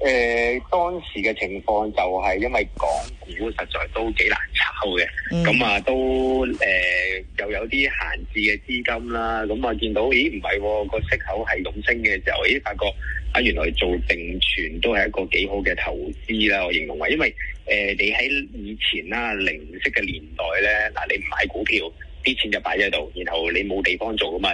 誒、呃，當時嘅情況就係因為港股實在都幾難炒嘅，咁、mm-hmm. 啊都誒、呃、又有啲閒置嘅資金啦，咁啊見到咦唔係個息口係勇升嘅時候，咦發覺啊原來做定存都係一個幾好嘅投資啦，我形容話，因為誒、呃、你喺以前啦、啊、零息嘅年代咧，嗱你唔買股票，啲錢就擺喺度，然後你冇地方做啊嘛，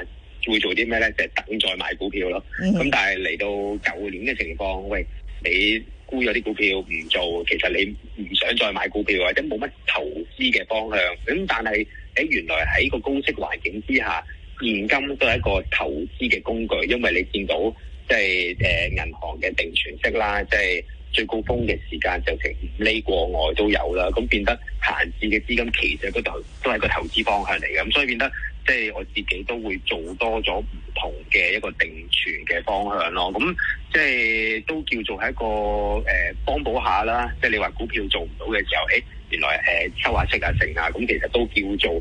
會做啲咩咧？就係等再買股票咯。咁、mm-hmm. 嗯、但係嚟到舊年嘅情況，喂。你沽咗啲股票唔做，其實你唔想再買股票，或者冇乜投資嘅方向咁。但係喺原來喺個高息環境之下，現金都係一個投資嘅工具，因為你見到即係、呃、銀行嘅定存息啦，即係最高峰嘅時間就成五厘過外都有啦。咁變得閒置嘅資金其實都係個投資方向嚟嘅，咁所以變得。即係我自己都會做多咗唔同嘅一個定存嘅方向咯，咁即係都叫做係一個誒幫補下啦。即係你話股票做唔到嘅時候，誒原來誒收、呃、下息啊成啊，咁其實都叫做。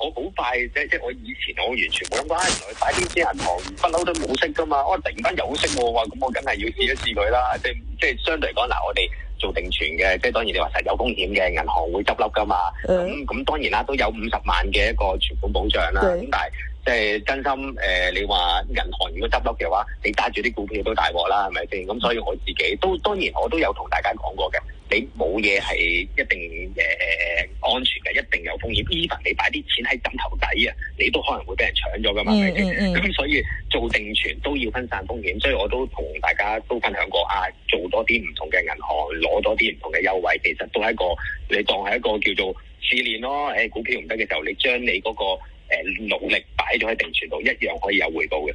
我好快啫，即係我以前我完全冇諗過，啊原來快啲啲銀行不嬲都冇息噶嘛，我、啊、突然間有息喎、啊，咁我梗係要試一試佢啦，即係即係相對嚟講嗱，我哋做定存嘅，即係當然你話實有風險嘅銀行會執笠噶嘛，咁、yeah. 咁、嗯嗯、當然啦，都有五十萬嘅一個存款保障啦，咁、yeah. 但係即係真心誒、呃，你話銀行如果執笠嘅話，你揸住啲股票都大鑊啦，係咪先？咁、嗯、所以我自己都當然我都有同大家講過嘅。你冇嘢係一定誒、呃、安全嘅，一定有風險。even 你擺啲錢喺枕頭底啊，你都可能會俾人搶咗噶嘛，係咪先？、嗯、咁、嗯嗯、所以做定存都要分散風險，所以我都同大家都分享過啊，做多啲唔同嘅銀行，攞多啲唔同嘅優惠，其實都係一個你當係一個叫做試練咯。誒股票唔得嘅時候，你將你嗰個努力擺咗喺定存度，一樣可以有回報嘅。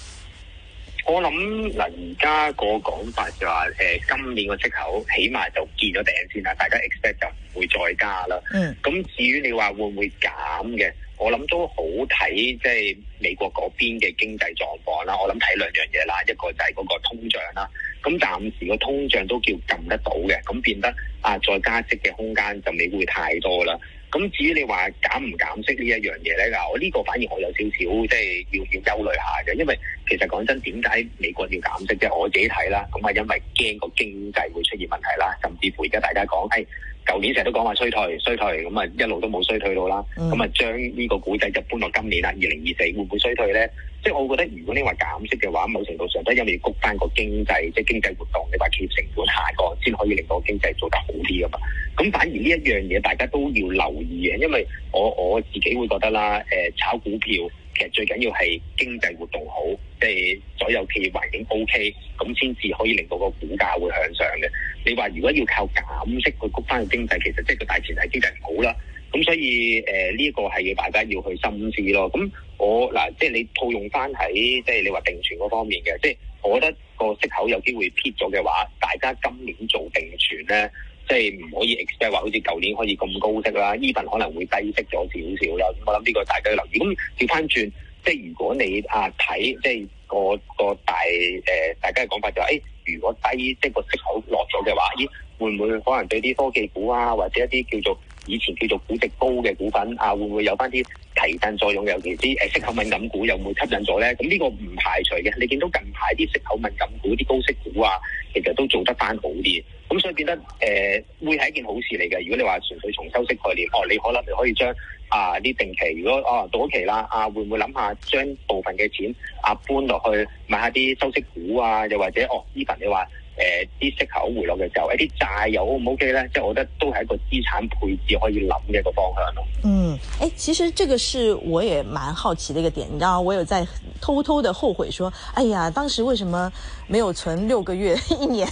我諗嗱，而家個講法就話，誒，今年個息口起碼就見咗頂先啦，大家 expect 就唔會再加啦。咁、嗯、至於你話會唔會減嘅，我諗都好睇，即係美國嗰邊嘅經濟狀況啦。我諗睇兩樣嘢啦，一個就係嗰個通脹啦。咁暫時個通脹都叫撳得到嘅，咁變得啊再加息嘅空間就未會太多啦。咁至於你話減唔減息呢一樣嘢咧，嗱，我呢個反而我有少少即係要要憂慮下嘅，因為。其實講真，點解美國要減息啫？我自己睇啦，咁啊，因為驚個經濟會出現問題啦，甚至乎而家大家講，誒、哎，舊年成日都講話衰退，衰退，咁啊，一路都冇衰退、嗯、到啦，咁啊，將呢個估計就搬落今年啦，二零二四會唔會衰退咧？即係我覺得，如果你話減息嘅話，某程度上都因為要谷翻個經濟，即係經濟活動，你話企業成本下降，先可以令到經濟做得好啲㗎嘛。咁反而呢一樣嘢，大家都要留意嘅，因為我我自己會覺得啦，誒，炒股票。其實最緊要係經濟活動好，即係所有企業環境 OK，咁先至可以令到個股價會向上嘅。你話如果要靠減息去谷翻個經濟，其實即係個大前提經濟唔好啦。咁所以誒呢、呃呢個係要大家要去深思咯。咁我嗱，即、啊、係、就是、你套用翻喺即係你話定存嗰方面嘅，即、就、係、是、我覺得個息口有機會撇咗嘅話，大家今年做定存咧，即係唔可以 expect 話好似舊年可以咁高息啦，呢份可能會低息咗少少啦。我諗呢個大家要留意。咁調翻轉，即係如果你啊睇，即係個個大誒、呃，大家嘅講法就係、是哎，如果低，即係個息口落咗嘅話，咦會唔會可能對啲科技股啊，或者一啲叫做？以前叫做估值高嘅股份啊，會唔會有翻啲提振作用？尤其是誒息口敏感股，又會吸引咗咧？咁呢個唔排除嘅。你見到近排啲息口敏感股、啲高息股啊，其實都做得翻好啲。咁所以變得誒、呃，會係一件好事嚟嘅。如果你話純粹重收息概念，哦，你可能你可以將啊啲定期，如果哦到期啦，啊，啊會唔會諗下將部分嘅錢啊搬落去買一下啲收息股啊，又或者哦，Eva、啊、你話。誒，啲息口回落嘅時候，一啲債又 O 唔 O K 咧，即係我覺得都係一個資產配置可以諗嘅一個方向咯。嗯，哎，其實這個是我也蠻好奇的一個點，你知道我有在偷偷的後悔說，哎呀，當時為什麼沒有存六個月、一年，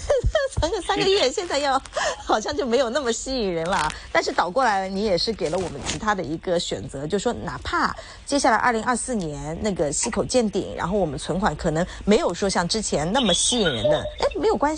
存個三個月，現在要、嗯、好像就沒有那麼吸引人啦。但是倒過來，你也是給了我們其他的一個選擇，就說哪怕接下來二零二四年那個息口見頂，然後我們存款可能沒有說像之前那麼吸引人的，哎，沒有關係。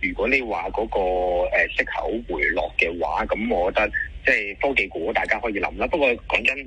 如果你話嗰個息口回落嘅話，咁我覺得即係科技股大家可以諗啦。不過講真，誒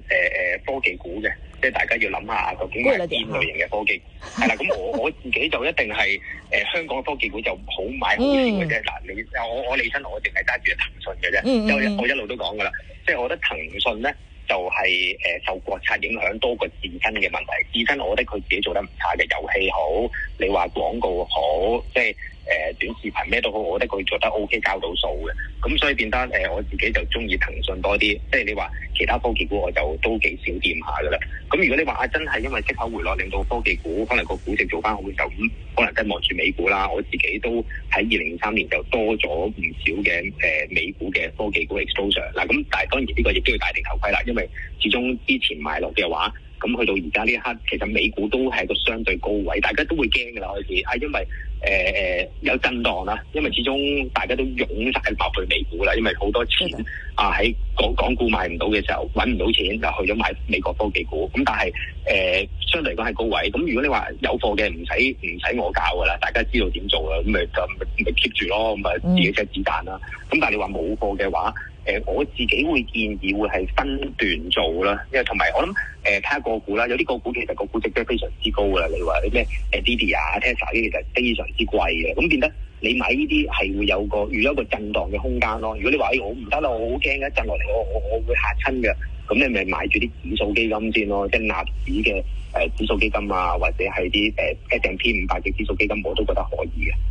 科技股嘅，即係大家要諗下究竟係邊類型嘅科技股。係 啦，咁我我自己就一定係誒香港科技股就唔好買好少嘅啫。嗱， 你我我李生我淨係揸住騰訊嘅啫。嗯 我一路都講噶啦，即係我覺得騰訊咧就係誒受國策影響多過自身嘅問題。自身我覺得佢自己做得唔差嘅，遊戲好，你話廣告好，即係。誒短視頻咩都好，我覺得佢做得 O、OK, K，交到數嘅。咁所以變得誒、呃，我自己就中意騰訊多啲。即係你話其他科技股，我就都幾少掂下噶啦。咁如果你話啊，真係因為息口回落，令到科技股可能個估值做翻好我會就咁、嗯、可能真望住美股啦。我自己都喺二零二三年就多咗唔少嘅誒、呃、美股嘅科技股 exposure 嗱。咁、啊、但係當然呢個亦都要戴定頭盔啦，因為始終之前買落嘅話，咁去到而家呢一刻，其實美股都係個相對高位，大家都會驚噶啦開始啊，因為。誒、呃、誒有震盪啦，因為始終大家都湧晒入去美股啦，因為好多錢啊，喺港港股買唔到嘅時候，揾唔到錢就去咗買美國科技股，咁但係。誒相對嚟講係高位，咁如果你話有貨嘅唔使唔使我教噶啦，大家知道點做啦，咁咪咁咪 keep 住咯，咁咪自己嘅子彈啦。咁但係你話冇貨嘅話，誒、呃、我自己會建議會係分段做啦，因為同埋我諗誒睇下個股啦，有啲個股其實個估值都係非常之高噶啦，你話咩誒 Didi 啊、Tesla 呢啲，其實非常之貴嘅，咁變得你買呢啲係會有個預有一個震盪嘅空間咯。如果你話我唔得啦，我好驚一震落嚟，我很怕我我我會嚇親嘅。咁你咪買住啲指數基金先咯，即係納指嘅誒指數基金啊，或者係啲誒 S&P 五百嘅指數基金，我都覺得可以嘅。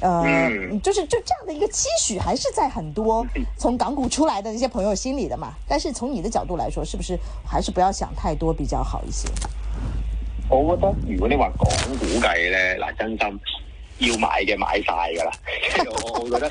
嗯、呃，就是就這樣的一個期許，還是在很多從港股出來的那些朋友心裏的嘛。但是從你的角度來說，是不是還是不要想太多比較好一些？我覺得如果你話港股計咧，嗱，真心要買嘅買晒噶啦。 我覺得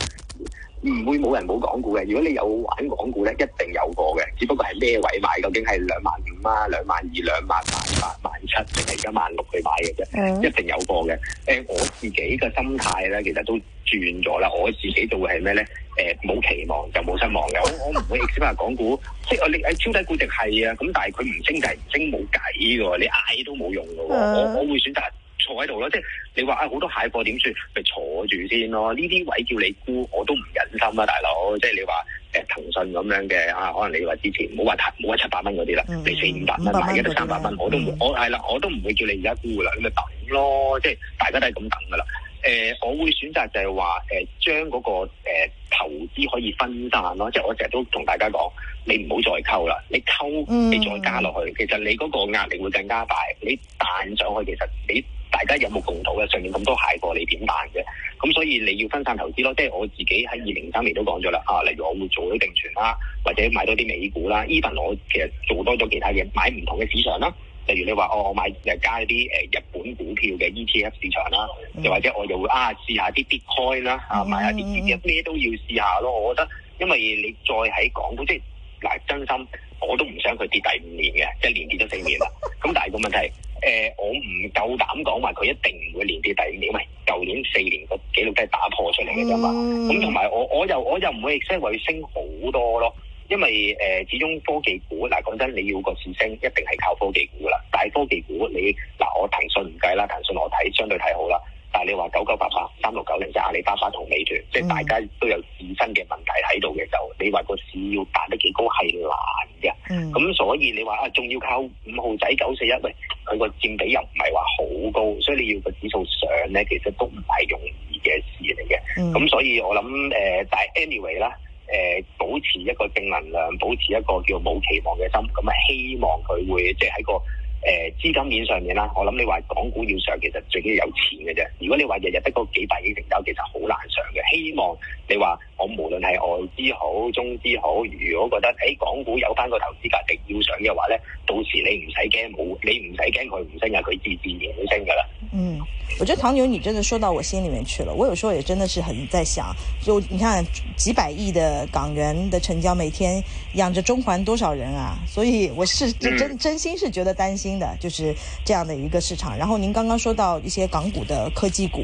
唔會冇人冇港股嘅。如果你有玩港股咧，一定有過嘅。只不過係咩位買，究竟係兩萬五啊、兩萬二、兩萬八、兩萬。七定係一萬六去買嘅啫，一定有過嘅、欸。我自己嘅心態咧，其實都轉咗啦。我自己就會係咩咧？誒、欸，冇期望就冇失望嘅。我我唔會 expect 港股，即係你喺超低估值係啊。咁但係佢唔升就係唔升，冇計嘅喎。你嗌都冇用嘅喎。我我會選擇。坐喺度咯，即係你話啊，好多蟹貨點算？咪坐住先咯。呢啲位叫你沽，我都唔忍心啊，大佬。即係你話誒騰訊咁樣嘅啊，可能你話之前唔好話冇一七百蚊嗰啲啦，你四五百蚊買一，而家都三百蚊，我都我係啦，我都唔會叫你而家沽噶啦，你咪等咯。即係大家都係咁等噶啦。誒，我會選擇就係話誒將嗰個誒投資可以分散咯，即係我成日都同大家講，你唔好再溝啦，你溝你再加落去、嗯，其實你嗰個壓力會更加大。你彈上去，其實你。大家有目共睹嘅，上面咁多蟹貨，你點辦嘅？咁所以你要分散投資咯，即係我自己喺二零三年都講咗啦。啊，例如我會做咗定存啦，或者買多啲美股啦。Even 我其實做多咗其他嘢，買唔同嘅市場啦。例如你話哦，我買誒加啲、呃、日本股票嘅 ETF 市場啦，又、嗯、或者我又會啊試下啲 Bitcoin 啦，啊，試試一 Bitcoin，啊買下啲啲咩都要試下咯。我覺得，因為你再喺港股，即係嗱，真心我都唔想佢跌第五年嘅，一年跌咗四年啦。咁但係個問題。誒、呃，我唔夠膽講話佢一定唔會連跌第二年，因為舊年四年個紀錄都係打破出嚟嘅啫嘛。咁同埋我我又我又唔會即係話升好多咯，因為誒、呃、始終科技股嗱，講真，你要個市升一定係靠科技股噶啦。但係科技股你嗱、啊，我騰訊唔計啦，騰訊我睇相對睇好啦。你話九九八八、三六九零、即係阿里巴巴同美團，嗯、即係大家都有自身嘅問題喺度嘅，就你話個市要達得幾高係難嘅。咁、嗯、所以你話啊，仲要靠五號仔九四一，941，喂，佢個佔比又唔係話好高，所以你要個指數上咧，其實都唔係容易嘅事嚟嘅。咁、嗯、所以我諗誒、呃，但係 anyway 啦，誒，保持一個正能量，保持一個叫冇期望嘅心，咁啊希望佢會即係喺個。誒、欸、資金面上面啦，我諗你話港股要上，其實最緊要有錢嘅啫。如果你話日日得嗰幾百幾成交，其實好難上嘅。希望你話。我無論係外資好、中資好，如果覺得喺、欸、港股有返個投資價值要上嘅話咧，到時你唔使驚冇，你唔使驚佢唔升，啊佢自自然會升噶啦。嗯，我覺得唐牛，你真的說到我心裏面去了。我有時候也真的是很在想，就你看幾百億的港元的成交，每天養着中環多少人啊？所以我是真、嗯、真心是覺得擔心的，就是這樣的一個市場。然後您剛剛說到一些港股的科技股。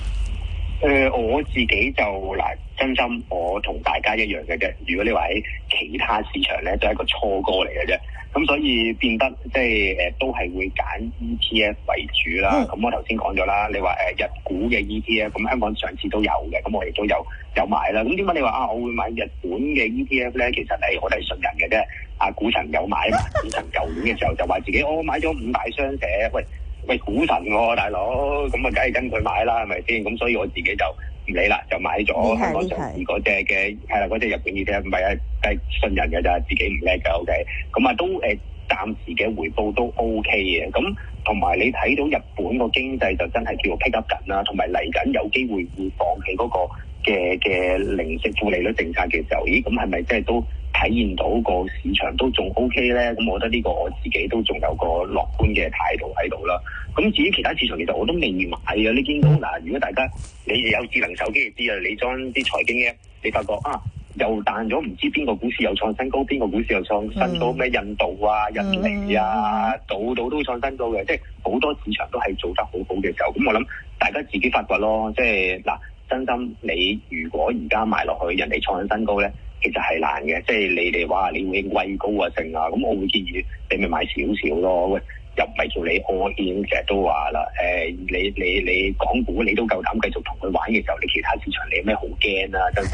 誒、呃、我自己就嗱，真心我同大家一樣嘅啫。如果你話喺其他市場咧，都係一個初哥嚟嘅啫。咁所以變得即係、呃、都係會揀 ETF 為主啦。咁我頭先講咗啦，你話、呃、日股嘅 ETF，咁香港上次都有嘅，咁我亦都有有買啦。咁點解你話啊，我會買日本嘅 ETF 咧？其實係我哋係信人嘅啫。啊，股神有買啊嘛！股神舊年嘅時候就話自己我、哦、買咗五大商社，喂。喂，股神喎、啊，大佬，咁啊，梗係跟佢買啦，係咪先？咁所以我自己就唔理啦，就買咗香港上市嗰隻嘅，係啦，嗰隻日本 ETF，唔係啊，係信人嘅咋，自己唔叻嘅 O K。咁、okay、啊，都誒，暫時嘅回報都 O K 嘅。咁同埋你睇到日本個經濟就真係叫做 pick up 緊啦，同埋嚟緊有機會會放棄嗰個嘅嘅零息負利率政策嘅時候，咦？咁係咪真係都？體現到個市場都仲 O K 咧，咁我覺得呢個我自己都仲有個樂觀嘅態度喺度啦。咁至於其他市場其實我都未買啊！你見到呢間公司嗱，如果大家你有智能手機就知啊，你裝啲財經嘅，你發覺啊，又彈咗唔知邊個股市又創新高，邊個股市又創新高，咩印度啊、印尼啊，度度、啊、都創新高嘅，即係好多市場都係做得好好嘅時候。咁我諗大家自己發掘咯，即係嗱，真心你如果而家買落去，人哋創新高咧。其實係難嘅，即係你哋話，你會畏高啊、剩啊，咁我會建議你咪買少少咯。又唔係叫你我已 i 成日都話啦，誒、呃、你你你港股你都夠膽繼續同佢玩嘅時候，你其他市場你有咩好驚啊？真心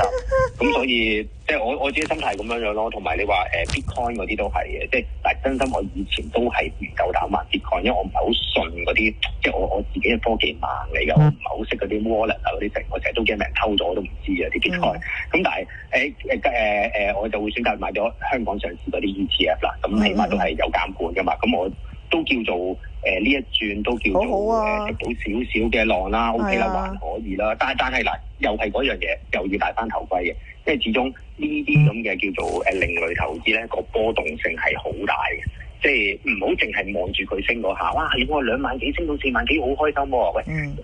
咁 所以即係我我自己心態咁樣樣咯，同埋你話誒、呃、bitcoin 嗰啲都係嘅，即係但係真心我以前都係唔夠膽買 bitcoin，因為我唔係好信嗰啲，即係我我自己嘅科技盲嚟嘅，我唔係好識嗰啲 wallet 啊嗰啲成，我成日都驚人偷咗我都唔知啊啲 bitcoin。咁、嗯、但係誒誒誒我就會選擇買咗香港上市嗰啲 ETF 啦，咁起碼都係有監管嘅嘛，咁我。都叫做誒呢、呃、一轉都叫做誒、呃、到少少嘅浪啦、啊，OK 啦，還可以啦。但係但係嗱，又係嗰樣嘢，又要帶返頭盔嘅，因為始終呢啲咁嘅叫做誒、嗯呃、另類投資咧，個波動性係好大嘅。即係唔好淨係望住佢升嗰下，哇！如果我、啊、兩萬幾升到四萬幾，好開心喎、啊！喂、嗯，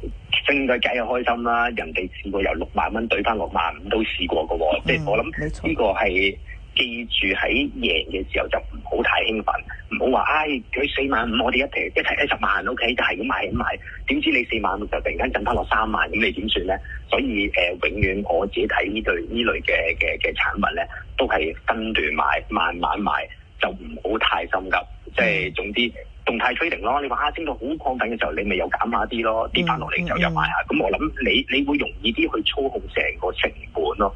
升佢計又開心啦、啊。人哋試過由六萬蚊懟翻六萬五都試過嘅喎、啊，即係我諗呢個係。嗯記住喺贏嘅時候就唔好太興奮，唔好話，唉、哎，佢四萬五，我哋一齊一齊一十萬，OK，就係咁買緊買。點知你四萬就突然間減翻落三萬，咁你點算咧？所以、呃、永遠我自己睇呢對呢類嘅嘅嘅產品咧，都係分段買，慢慢買，就唔好太心急。即、嗯、係、就是、總之動態 trading 囉。咯。你話啊，升到好亢奮嘅時候，你咪又減下啲咯，跌翻落嚟就入買下。咁、嗯嗯、我諗你你會容易啲去操控成個成本咯。